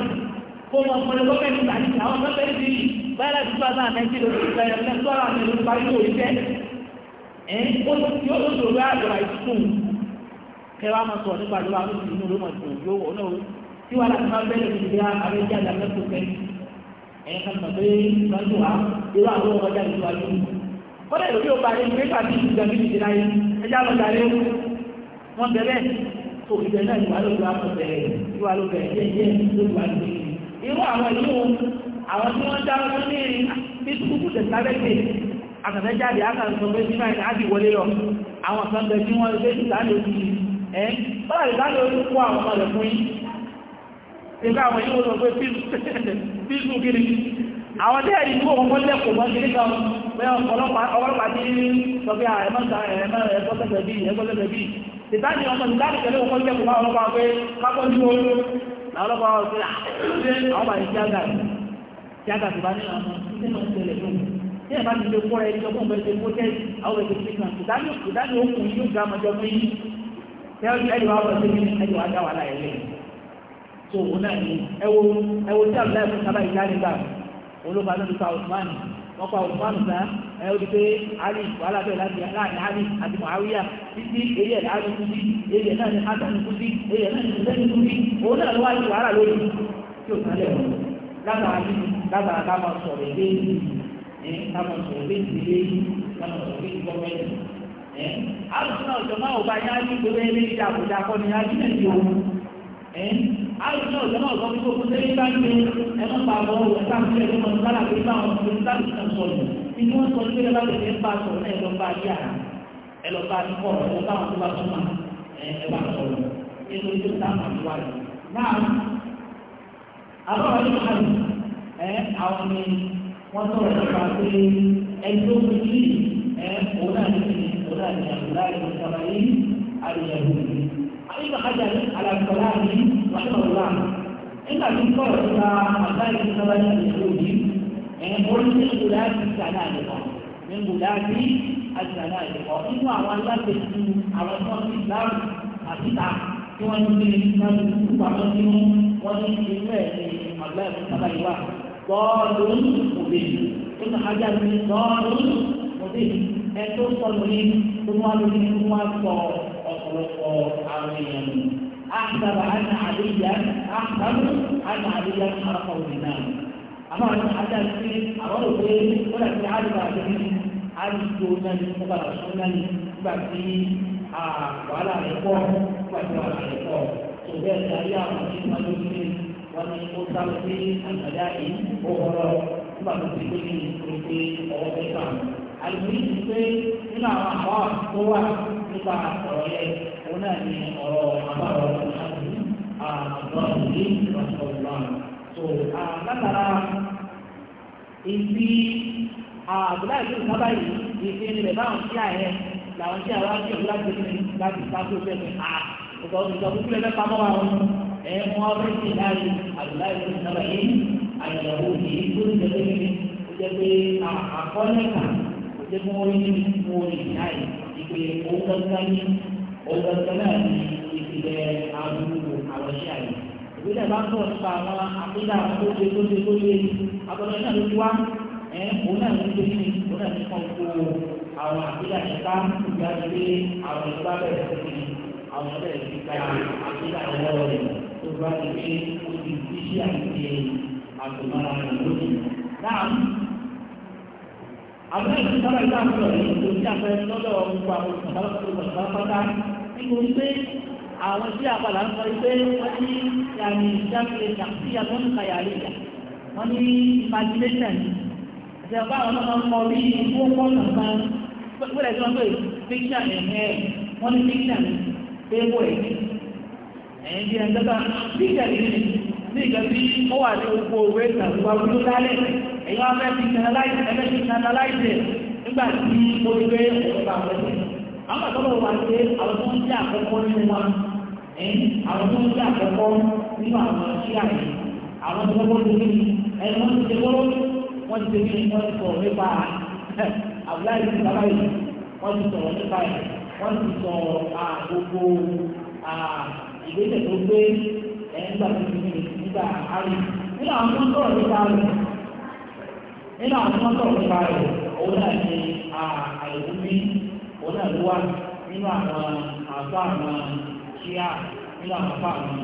kó mọ ọmọ ẹgbẹ́ pẹ̀lú ìgbàlí àwọn ọmọ pẹ̀lú ti báyìí láti tó àtàwọn àmẹ́sí lórí ìgbàlẹ̀ ọ̀rọ̀ tó àwọn àmì lórí parí lórí tẹ́ ẹ̀ ó ti ó lóṣù lórí àgbà ìsùn kẹwàá máa sọ̀rọ̀ nípa ìlú àwọn ìsìn inú ló máa sọ̀rọ̀ yóò wọ̀ náà tí wàhálà ti máa bẹ́ẹ̀ lórí ìgbà àmẹ́sí àgbà mẹ́kọ̀ọ́ ẹ̀yìn kan mọ̀ pé lọ́dún wa irú àwọn ọmọ ọjà ìlú ayé kọ́lá ìlú yóò parí ní pépà tí ìjọba ìlú ti láyé ẹjá lọ darí ó wọ́n bẹ̀rẹ̀ tó ìbẹ̀ náà ìwà ló gba ọ̀pọ̀ bẹ̀rẹ̀ ìwà ló bẹ̀rẹ̀ díẹ̀ díẹ̀ ló gba ìlú irú àwọn ìlú àwọn tí wọ́n dá wọn ní bísúkú tẹ̀sílábẹ́sẹ̀ àkàtẹ́jáde àkàtọ́ pé bí báyìí láti wọlé lọ àwọn kan bẹ tí wọ́n lé ìtàlẹ́ òkú ẹ̀ kọ́lá ìtàlẹ́ òkú àwọn ọmọ rẹ̀ fún yín nígbà àwọn yíò lọ pé fíìsù kiri àwọn tí ẹ̀rí tó wọn kọ́lẹ̀ kò mọ́ kiri kan pé ọlọ́pàá ti sọ pé ẹ̀mọ́ta ẹ̀kọ́sẹ̀sẹ̀ bí ẹ̀kọ́sẹ̀sẹ̀ bí ìtàní ọmọ ìdáàbì tẹ̀lé wọn kọ́lẹ̀ kò mọ́ ọlọ́pàá pé kápọ́ ní orí ọlọ́pàá ọ̀sẹ̀ àwọn bàyí tíága tíága ti bá ní àwọn tí wọ́n ń tẹ̀lé lóhùn ní ẹ̀bá ti lè kọ́ ẹni tó fún bẹ́ẹ̀ tó tẹ́ àwọn ẹ̀sẹ̀ tí kan ìdájọ́ ìdájọ́ òkun yóò ga ọmọdé ọmọ yìí tẹ́lẹ̀ ẹ̀dùn àwọn ọ̀sẹ̀ mi ẹ̀dùn àdáwà láyé lẹ́yìn tó òun náà ní ẹwọ ẹwọ tí àbúlá ẹ̀fọ́ sábà ìyá nígbà olóba náà ló pa Osman wọ́n pa Osman sá ẹ ó di pé Ali wàhálà bẹ́ẹ̀ láti láàrin Ali àti Muawiya títí èyí ẹ̀ láàrin kúndí èyí ẹ̀ náà ní Hasan kúndí èyí ẹ̀ náà ní Hussein kúndí òun náà ló wá ní wàhálà lórí tí ò sálẹ̀ wọn lábàá ní lábàá ká máa sọ̀rọ̀ ilé ẹ̀ ká máa sọ̀rọ̀ ilé ìdílé ká máa sọ̀rọ̀ ilé ìgbọ́mẹ́lẹ̀ ẹ̀ àlùfáà ọ̀jọ̀ máa ò bá yá ní gbogbo ẹlẹ́yìn àbùdá kọ́ni àìsàn ọ̀sẹ̀ náà sọ fún òkú sẹ́yìn bá ní ẹ̀mọ́ pa àwọn ọ̀rọ̀ ẹ̀ka fún ẹ̀kọ́ mọ̀ nígbà láti bá àwọn ọmọ nígbà tí wọ́n sọ yìí tí wọ́n sọ nígbà láti ṣe ń bá sọ náà ẹ̀lọ́ bá yí àrà ẹ̀lọ́ bá ní kọ́ ọ̀rọ̀ bá wọn tó bá tún máa ẹ̀ bá sọ̀rọ̀ nínú ilé táwọn àti wáyé. náà àbọ̀wá nípa ẹ̀ àwọn ni wọ́n sọ̀rọ̀ nípa pé ẹjọ́ méjì ẹ̀ òun náà ní ibà hajjari alàkọ̀láàbí wàhálà nígbà tí kọ́rọ̀ nípa àbáyé sábà ní ìṣòro yìí ẹ̀yìn orí ní ìgbòdá ti sàlá àdìkọ́ ní ìgbòdá ti àjàlá àdìkọ́ nínú àwọn alábẹ̀tú àwọn tó ń fi láàrú àtìta tí wọ́n ń gbé nípa ìgbà tó ń mú wọ́n ní inú ẹ̀ ní àbáyé sábà bọ́ọ̀lù òbí ibà hajjari ní bọ́ọ̀lù òbí ẹ̀ tó sọ̀rọ̀ ọ̀pọ̀lọpọ̀ àwọn èèyàn nù. أحسب أن عليا أحسب أن عليا حرق الإمام أما أن حتى يصير أمره به ولا في عالم بعده عالم دونا وبرشونا وبعدي ولا يقوم وبعدي ولا يقوم سبحان الله العظيم المجيد ونقول في المدائن أخرى وما نقول في كل شيء أو àlùmí ti pé nínú àwọn àwọn tó wà nípa ọ̀rọ̀ yẹn òun náà ni ọ̀rọ̀ àbáwọ̀ àbọ̀ ìdí ìrọ̀sọ̀rọ̀ so látara ìdí àbúlá ìdí ìsábà yìí ìdí ìrìnlẹ̀ báwọn sí àyẹ làwọn tí àwọn akéwì láti ní láti sáfù sẹ́nu à ọ̀gá òṣìṣẹ́ òkú lẹ́fẹ́ pamọ́ wa wọn ẹ̀ wọ́n fẹ́ sí láàyè àbúlá ìdí ìsábà yìí àyẹ̀wò yìí tó ń jẹ́ pé ṣé kí wọ́n rí mo rí láì ìpè owó kankan ní owó kankan náà ní ìpìlẹ̀ àbúrò àwọn iṣẹ́ àyè ìpínlẹ̀ bá ń bọ̀ nípa àwọn àpínlẹ̀ àwọn tó ṣe tó ṣe tó ṣe abọ́dọ̀ náà ló ti wá ẹ̀ òun náà ló ń ṣe ní òun náà ní kan kó àwọn àpínlẹ̀ àṣẹká ìgbà pé àwọn ìjọba bẹ̀rẹ̀ sí ni àwọn ọ̀rẹ́ ti ka àpínlẹ̀ àwọn ọ̀rẹ́ tó bá ti pé ó ti àbúrò ìlú sábà ìlú àbúrò yìí kò sí àpẹẹrẹ lọ́dọ̀ gbogbo àwọn olùsọ̀rọ̀ pátá nítorí pé àwọn tí àpàlà ń sọ pé wọ́n ní yàrá ìjáde tàbí yàtọ̀ nípa yàrá ìjà wọ́n ní imagination ìjọba àwọn ọmọ ọmọ orí ikú pọ̀ nǹkan pẹ̀lú ẹ̀sọ́ pé píkṣà ẹ̀hẹ́ wọ́n ní píkṣà ní ewu ẹ̀ ẹ̀yìn bí ẹ̀ńdọ́ta píkṣà ní ní ìgbà èyí wọn fẹ́ fi kanalize ẹgbẹ́ fi kanalize nígbà tí ó ti gbé ẹ̀rọ àwọn àwọn àtọ́wọ̀ wà pé àwọn tó ń jẹ́ àkọ́kọ́ nínú wa àwọn tó ń jẹ́ àkọ́kọ́ nínú àwọn ṣíà yìí àwọn tó kọ́kọ́ lórí ẹni wọ́n ti ṣe kọ́rọ́ wọ́n ti ṣe kí wọ́n ti sọ̀rọ̀ nípa àbúláyé ti sábà yìí wọ́n ti sọ̀rọ̀ nípa ẹ̀ wọ́n ti sọ gbogbo ìgbésẹ̀ tó gbé ẹ̀ nígbà tó ti nígbà àárín nínú àwọn tó ń sọ̀rọ̀ nípa rẹ̀ nínú àwọn tó ń sọ̀rọ̀ nípa rẹ̀ òun náà ni àìwúmí òun náà ló wà nínú àwọn àbá àwọn kíá nínú àwọn àbá àwọn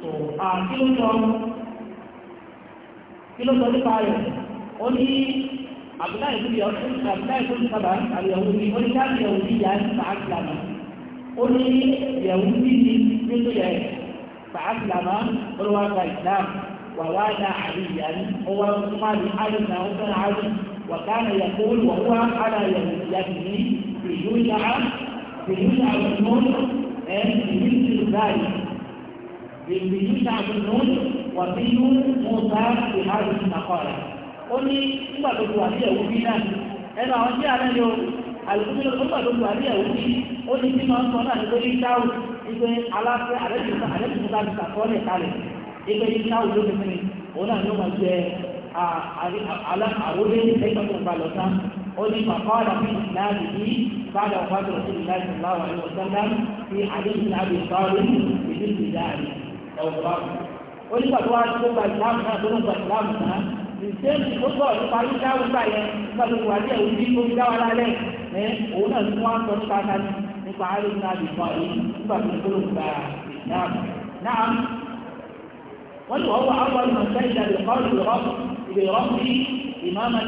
tó àti ló sọ kí ló sọ nípa rẹ̀ ó ní àbúlá ìlú yọ àbúlá ìlú sábà àyẹ̀wò ní ó ní káàkiri ẹ̀wò ní ìyá sàákìlámà ó ní ìyẹ̀wò ní ní nínú yẹ sàákìlámà ó ló wá gba ìsìlámù ووالى عليا هو قال علي بن حسن علي وكان يقول وهو على يمينه في يوشع في يوشع بن نون في مثل ذلك في يوشع بن نون وفي موسى في هذه ẹnu àwọn tí a lẹ́ lo àlùkùnrin nígbà tó lu àbí ẹ̀wù bí ó ní bí máa ń sọ náà nítorí dáhùn wípé aláfẹ́ àrẹ́bìnrin àrẹ́bìnrin ti sàkọ́ọ́lẹ̀ kalẹ̀ ẹgbẹ́ yìí náà ló fi fún òun náà ló máa jẹ àwọlé lẹ́yìn tó ba lọ́tà ó ní bàbá àdá fún ìlànà yìí bàdà ọ̀fà tó ti ìlànà ìlànà wà ní ọ̀sánlá ti àdéhùn ìlànà ìbáwọlé ìdí ìlànà ẹ̀wọ̀n ó ní bàbá tó gba ìlànà náà tó gba ìlànà náà ìṣe ó bọ̀ nípa yíká wíwá yẹn nípa tó wà díẹ̀ òbí tó dá wa lálẹ́ ẹ̀ òun náà tún wá ń sọ nípa ká nípa àdéhùn ìlànà ìbáwọlé nípa tó gbólóhùn gba ìlànà náà قال وهو أول من سجد لقول الرب لربه إمامة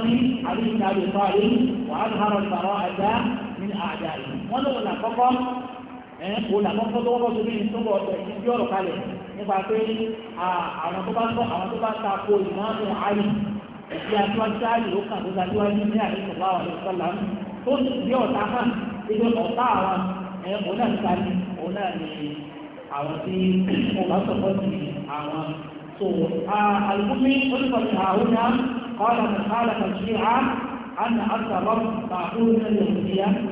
علي بن أبي طالب وأظهر البراءة من أعدائه ولولا فقط wọ́n àkọ́kọ́ tó wọ́pọ̀ tóbi ìtúbọ̀ ìdí ọ̀rọ̀ kalẹ̀ nípa pé àwọn tó bá tọ́ àwọn tó bá ta ko ìmọ̀ọ́nù àyè ìdí aṣáájú àyè ó kàn tó ta tó ní àyè ìṣọ̀lá àwọn ìṣọ̀lá tó sì bí ọ̀tá hàn ibi ọ̀tá àwọn òun náà ti ta òun náà ni àwọn tí wọ́n bá sọ̀kọ́ sí àwọn الكوفي ألف الطاعون قال من خالف الشيعة أن أكثر طاعون اليهودية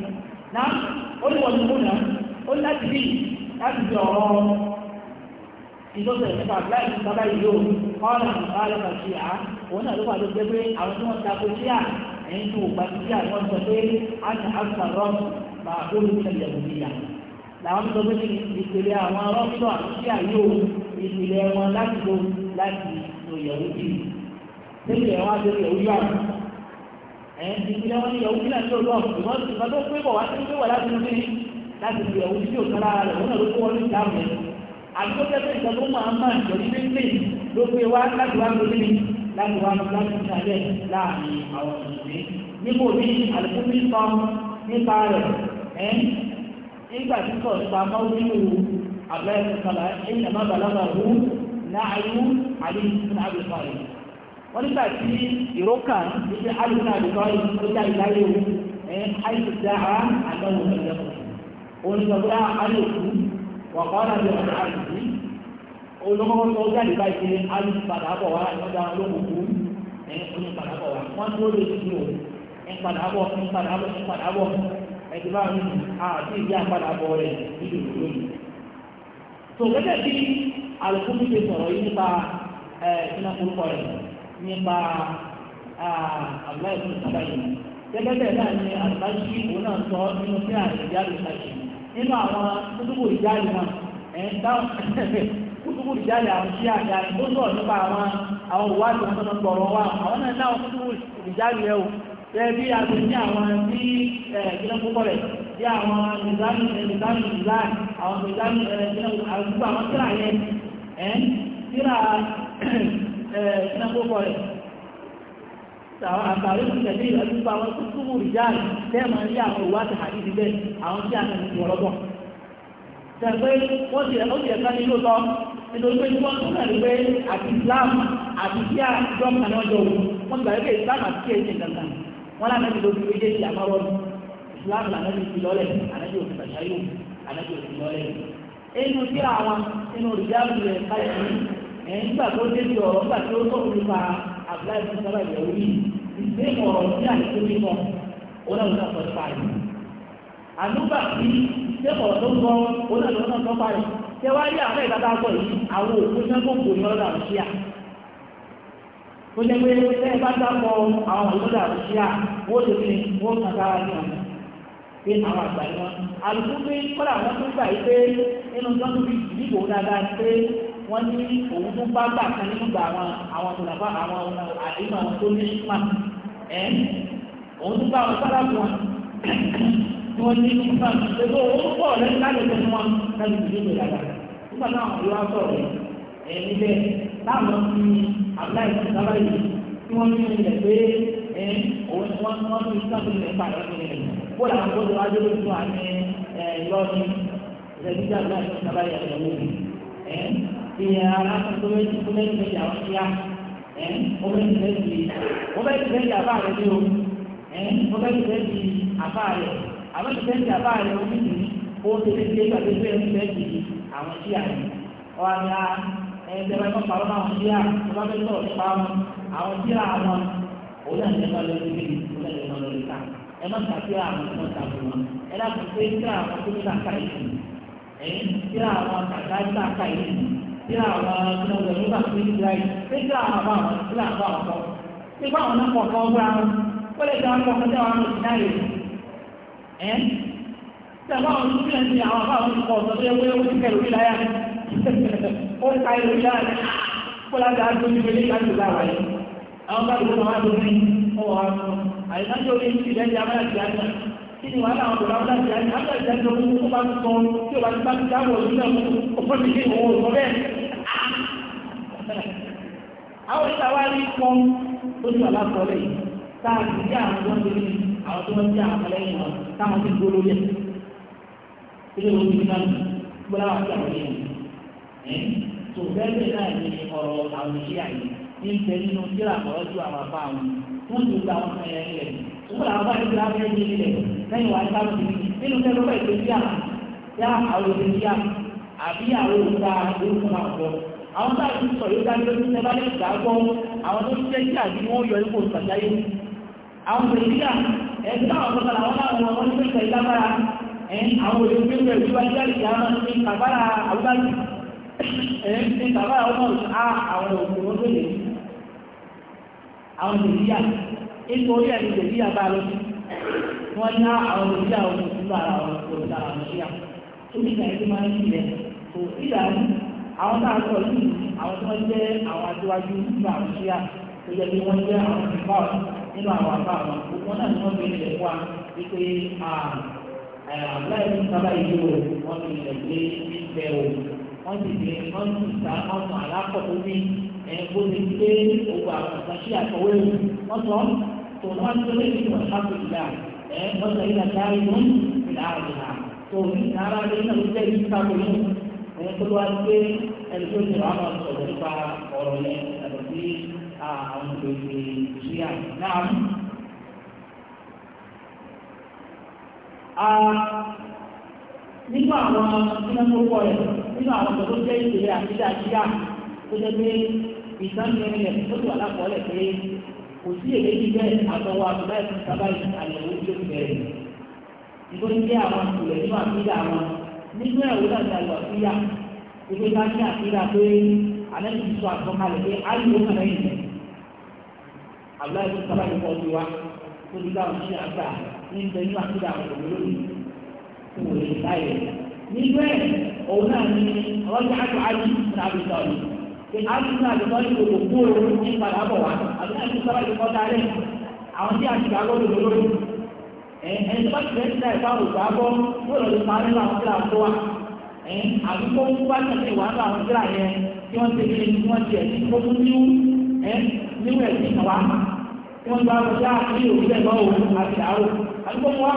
نعم قل والمنى قل أكفي أكفي أرام في جزء الكتاب لا يتبين قال من خالف الشيعة وأنا لغة الجبري أو أنه تاكل شيعة عنده بكتير وأنت أن أكثر طاعون اليهودية làwọn tó gbé ìpele àwọn arọ́pọ̀ àti àyè òun ìpele wọn láti lò láti lò yẹ̀wò bí i tẹ́lẹ̀ wọn á lò yẹ̀wò yọ̀ ẹ̀ ìpele wọn yẹ̀wò bí láti lò lọ ìmọ̀ ìgbà tó pé bọ̀ wá tó pé wà láti lò bí láti lò yẹ̀wò bí òkàlà rẹ̀ wọn lọ kó wọn ní ìdáàbò rẹ̀ àgbẹ̀tẹ̀ pé ìgbà tó máa máa jọ ní pépè ló pé wá láti wá lò bí láti wá lò láti sàlẹ̀ láàrin àwọn òṣèré nígbò ní àlùkò nígbà tí sọ̀rọ̀ nípa mọ́wúlú abẹ́rẹ́ sọ̀rọ̀ ẹ̀yìn àmọ́ balaba hu láàyè àlè wọ́n nígbà tí ìrókà níbi àlùfíà àbẹ̀fàrẹ̀ tó ẹ̀sìn máa àti ìdí àpadà bọ̀ rẹ̀ nínú ìlú yìí. tó gẹ́gẹ́ bí àlùkò mi sọ̀rọ̀ yìí nípa ẹ̀ẹ́dínà orúkọ rẹ̀ nípa àbúláyé fún yìí. gẹ́gẹ́ bẹ́ẹ̀ náà ni àlùbáṣí òun náà sọ nínú sí nínú àwọn ìjáde wọn bí a ti ní àwọn tí ìjìnlẹ̀ púpọ̀ rẹ̀ bí àwọn ìdáhùn ìdáhùn ìdáhùn àwọn ìdáhùn àgbà àwọn tíra yẹn ẹ̀ tíra ìjìnlẹ̀ púpọ̀ rẹ̀ àtàrí ìtẹ̀lé ìrẹ́lúgbà àwọn tó túnmù ìjáàrí tẹ́ẹ̀mà ní àwọn ìwà ti hàdí ìdílé àwọn tí a tẹ̀lé ìwọ̀lọ́gbọ̀. tẹ̀gbé wọ́n ti ẹ̀ká ní ló tọ́ nítorí pé wọ́n tún kàrí pé àti Islam àti kí a jọ́ kànáà jọ òun wọ́n gbà wọn lànà bí lóbi méjèèjì àmọ́wọ́ ni islam lànà bí fi lọ́lẹ̀ ànà bí òfin bàṣáyò ànà bí òfin lọ́lẹ̀. inú tí àwọn inú rìjáàbù rẹ̀ káyọ̀ ní ẹ̀ nígbà tó dé bí ọ̀rọ̀ nígbà tó tó fi fa àbúláì fún sábà ìyẹ̀wò yìí ìgbé ọ̀rọ̀ sí àdìsó mímọ́ onáwó sọ fàáyì. àdúgbà tí ìgbé ọ̀rọ̀ tó ń gbọ́ onáwó sọ fàáyì tẹ́wáyé àwọn ìbátan tó jẹ́ pé bẹ́ẹ̀ bá dápọ̀ àwọn àlọ́dà àbúṣíà wọ́n lè fi wọ́n kàn ní ọ̀nà pé àwọn àgbà ni wọ́n àlùkù pé kọ́dà wọ́n tún gbà yí pé nínú tọ́jú bí ìdìbò dáadáa pé wọ́n ní òun tún bá gbà kan nínú gbà àwọn àwọn tòlàfà àwọn àdéhùn àwọn tó ní ṣùgbà ẹ̀ òun tún bá wọn sára fún wọn tí wọ́n ní ṣùgbà ṣètò owó pọ̀ lẹ́yìn láti tẹnu láti ìdìbò dáadáa nígbà náà àwọn yóò wá sọ̀rọ̀ ẹ̀ táwọn fi àbúláì fún sábà yìí tí wọ́n fi ilẹ̀ pé ẹ òun ni wọ́n wọ́n fi sábà ilẹ̀ pa ìrọ́lẹ̀ rẹ̀ kó làwọn tó lọ wájú lóṣù àmì ẹ ìrọ́lẹ̀ rẹ̀ jíjà àbúláì fún sábà yìí àtẹ̀wò rẹ̀ ẹ ti ara tó méjì tó méjì méjì àwọn kíá ẹ ó méjì méjì ó méjì méjì àbá rẹ̀ ní o ẹ ó méjì méjì àbá rẹ̀ àwọn ìfẹ́ǹtì àbá rẹ̀ ó méjì ó ti ẹ̀ẹ́dẹ̀rẹ́ náà parọ́ náà wọ́n díà tó bá fẹ́ sọ̀rọ̀ nípa wọn wọn òun náà lè máa lọ sí ibi òun náà lè ká ẹ má ṣàfihàn àwọn tí wọ́n ta fún wọn ẹ dákun pé díà àwọn tó ń ta ká yìí ẹ̀yìn díà àwọn kàkà ta ká yìí díà àwọn ọ̀gbìn nígbà tó ń díà yìí pé díà àwọn àwọn díà àwọn àwọn kọ́ pé bá àwọn náà kọ̀ kọ́ wúra wọn ó lè dáwọn kọ́ kọ́tẹ́ wọn lòdì náà yìí ẹ̀ tẹ̀wọ́n àwọn tó ń bí ẹni àwọn àbáwọn kọ̀ ọ̀sọ̀ tó yẹ ó ń dáadáa kóla ta á dójú ilé láti ìlú àwọn bá dùkú máa dójú ó wà á fún ti lẹ́yìn abáyà ti àjà kí ni wàhálà àwọn bòlá ọ̀dà ti àjà àjà tó bá ti sọ tí ó bá ti bá ti dáwọ̀ ojú náà ó ti dé òun òsọ bẹ́ẹ̀. àwọn ìta wá rí pọ́n tó ti wà lákọọ́lẹ̀ yìí táà tó bẹ́ẹ̀ náà ní ọ̀rọ̀ àwọn iṣẹ́ àyè ní ń tẹ nínú kíra ọ̀rọ̀ ju àwọn afá wọn wọ́n ti gba àwọn ẹ̀yẹ nílẹ̀ ṣùgbọ́n àwọn bá nígbà fẹ́ ní nílẹ̀ lẹ́yìn wà nípa ti ní nínú kẹ́kọ̀ọ́ bá ìpè síyà yá àwọn òṣèlú síyà àbí àwọn òṣèlú orúkọ máa gbọ́ àwọn bá ti sọ yóò dájú lójú tẹ́lá lè gbà gbọ́ àwọn tó ṣiṣẹ́ síyà bí wọ́n yọ ipò ìpàdáyé àwọn òṣèlú síyà ẹ̀sìn àwọn ọ̀pọ̀lọpọ̀ àwọn láwọn ọmọ oníṣẹ́ ìlágbára àwọn òṣèlú pé pẹ̀lú wájú àlìkè àwọn ọmọ ẹ̀yẹ́ ti bàbá ọmọ á ah, àwọn òkúrò tó lè àwọn ìdíyà ètò orí ẹ̀rí ìdíyà bá lọ sí wọ́n ní ah, àwọn ìdíyà ọmọ ìdíyà àwọn òkúrò àwọn ìdíyà tó ní ìgbà ẹgbẹ́ máa ń yí rẹ̀ tó ìdá àwọn tá a sọ yìí àwọn tó wọ́n jẹ́ àwọn aṣíwájú nínú àwọn ìdíyà tó yẹ kí wọ́n jẹ́ àwọn ìgbà nínú àwọn àbá àwọn gbogbo náà ni wọ́n fi ilẹ̀ wá wípé àbúláyé ní sábà ìlú wọn fi ilẹ̀ gbé ń bẹ òun wọ́n ti lè wọ́n ti ta ọ̀nà àlápọ̀ tó ní ẹ̀ẹ́gbọ́n ti gbé ògbà àgbàṣí àtọwé rẹ̀ wọ́n sọ tó wọ́n ti lè ní ọ̀sáfìlà ẹ̀ wọ́n sọ ilà dárí wọn ìlà àrùnà tó ìnara rẹ̀ náà ló jẹ́ ìta pẹ̀lú ẹ̀ tó wá gbé ẹni tó ti rán wọn sọ̀rọ̀ nípa ọ̀rọ̀ yẹn yàtọ̀ sí àwọn òṣèlú ìṣíà náà. nípa àwọn tí wọ́n tó wọ̀ ẹ̀ nínú àwọn ọ̀dọ́ tó jẹ́ ìpele àtijọ́ àtijọ́ tó jẹ́ pé ìsánilẹ̀ rẹ̀ tó ti wà lápọ̀ọ́lẹ̀ pé kò sí èdè jíjẹ́ àtọwọ́ àtúbá ẹ̀sìn sábà àyẹ̀wò tí ó ti bẹ̀rẹ̀ ìgbó ń jẹ́ àwọn ìpìlẹ̀ nínú àtijọ́ àwọn nínú ẹ̀wọ́ láti àlọ́ àtijọ́ ìgbé bá ní àtijọ́ pé alẹ́ ti sọ àtọ́kalẹ̀ pé ayò kàrẹ́ ìlẹ̀ àbúlá ẹ̀sìn sábà yìí pọ̀ sí wa tó ti dáhùn sí àgbà ní ìgbẹ́ nínú àtijọ́ àwọn òwúrò yìí tó wòlé òun náà ni ọlọ́dún àjọ àjì náà bí sọ̀rọ̀ pé àjì náà bí sọ̀rọ̀ kò kú òun ní padà bọ̀ wá àbí àjì sọ̀rọ̀ ti kọ́ dálẹ̀ àwọn tí àti gbàgbọ́ lò lórí ẹni tó ti fẹ́ẹ́ sílẹ̀ fáwọn ògbàgbọ́ yóò lọ lè pa nínú àwọn sílà tó wà àbí kó ń bá tẹ̀lé wà nínú àwọn sílà yẹn tí wọ́n ti gbé ní wọ́n ti ẹ̀sìn kó fún níwú níwú ẹ̀sìn àwa tí wọ́n gba ọjà ní òwúrẹ̀ lọ́wọ́ àti àárò àbí kó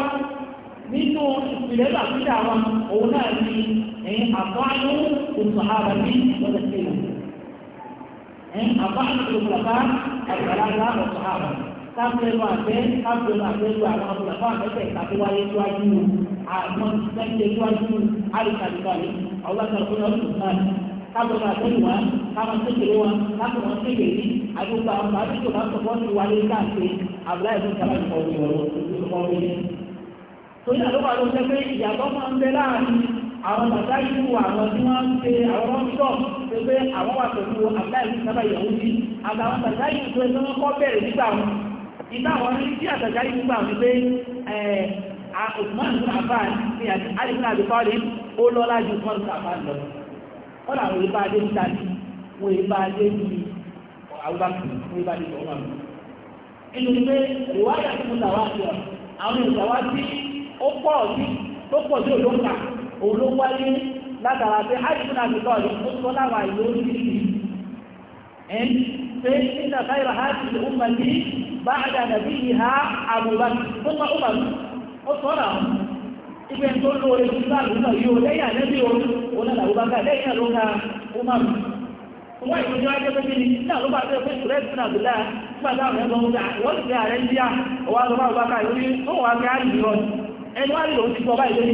nínú ìlẹ́gbàá sílẹ̀ àwọn òun náà ni أطعنوا الصحابة وتسليمهم في الخلفاء الثلاثة والصحابة káfíńtì wà pé káfíńtì wà pé wà àwọn ọ̀pọ̀lọpọ̀ àfẹ́fẹ́ ìtàkùn wáyé síwájú àwọn ìtàkùn síwájú àríkàlùkàlù ọlọ́sọ̀rọ̀ fún ọdún náà kábọ̀ bá tẹ̀lé wa kábọ̀ tẹ̀lé wa kábọ̀ wọn tẹ̀lé yìí àdúgbò àwọn bá tẹ̀lé wa sọ̀kọ́ ti wà lórí káàkiri àbúrò ẹ̀fọ́ sábà ní ọ̀rọ̀ ìwọ̀n ló ti kọ́ wọlé. torí àdúgbò àlọ́ sẹ́fẹ́ ìyàtọ̀ máa ń bẹ láàrin àwọn bàbá yìí wà àwọn tí wọ́n ń ṣe àwọn ọ̀ṣọ́ tó pé àwọn wà pẹ̀lú àbáyé sábà ìyàwó bí àtàwọn bàbá yìí tó ẹgbẹ́ wọn kọ́ bẹ̀rẹ̀ nígbà wọn ìgbà wọn ní tí àtàjà yìí gbà wọn pé Osman bin Affan ní alifin abikọ́lé ó lọ́lá ju Osman bin Affan lọ wọ́n làwọn ìbá adé ń tani wọ́n ìbá adé ń bi Abubakar wọ́n ìbá adé ń bọ̀ wọn. inú ni pé ìwádìí àti mùsàwá ti ọ̀ àwọn mùsàwá ti ó pọ̀ sí tó pọ̀ sí òdòǹkà olówáyé látara pé àìsàn àgbẹ̀tọ́ rẹ̀ ó sọ orílẹ̀-èdè ẹn pé nígbà káyọ̀ àti ìhùmà ní bá àdàdà tó pa ó bàbá ó sọ ọ́nà ibẹ̀ tó wọ́n ń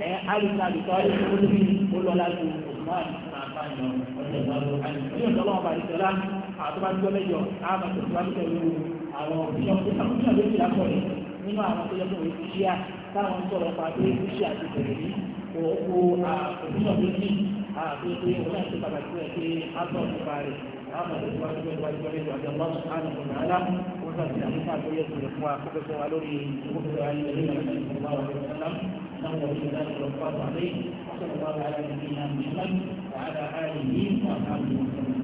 ẹ alùpàlùpà olóbi olóla ju osman àbáyọ ọjọ́ ìgbàlódé àyè ní ọjọ́ ọba àdìsọlá àtúbàjọ mẹ́jọ àmà tó tún wájú pẹ̀lú àwọn òṣìṣẹ́ òṣìṣẹ́ àkókò ló ti lápọ rẹ nínú àwọn tó yẹ kó wọ́n ti ṣíà táwọn ń sọ̀rọ̀ pa pé iṣẹ́ àti bẹ̀rẹ̀ yìí òkú òṣìṣẹ́ òṣìṣẹ́ àti pé òun àti pàtàkì rẹ̀ pé àtọ̀ nípa rẹ̀ àmà tó tún wájú pẹ̀lú wájú pẹ̀lú àjọ lọ́sùn àmì ìgbàlá wọ́n ti àti àti àti àti àti àti àti àti àti àti àti àti àti àti àti àti àti àti àti انه ولي ذلك والقادر عليه وصلى وعلى اله واصحابه وسلم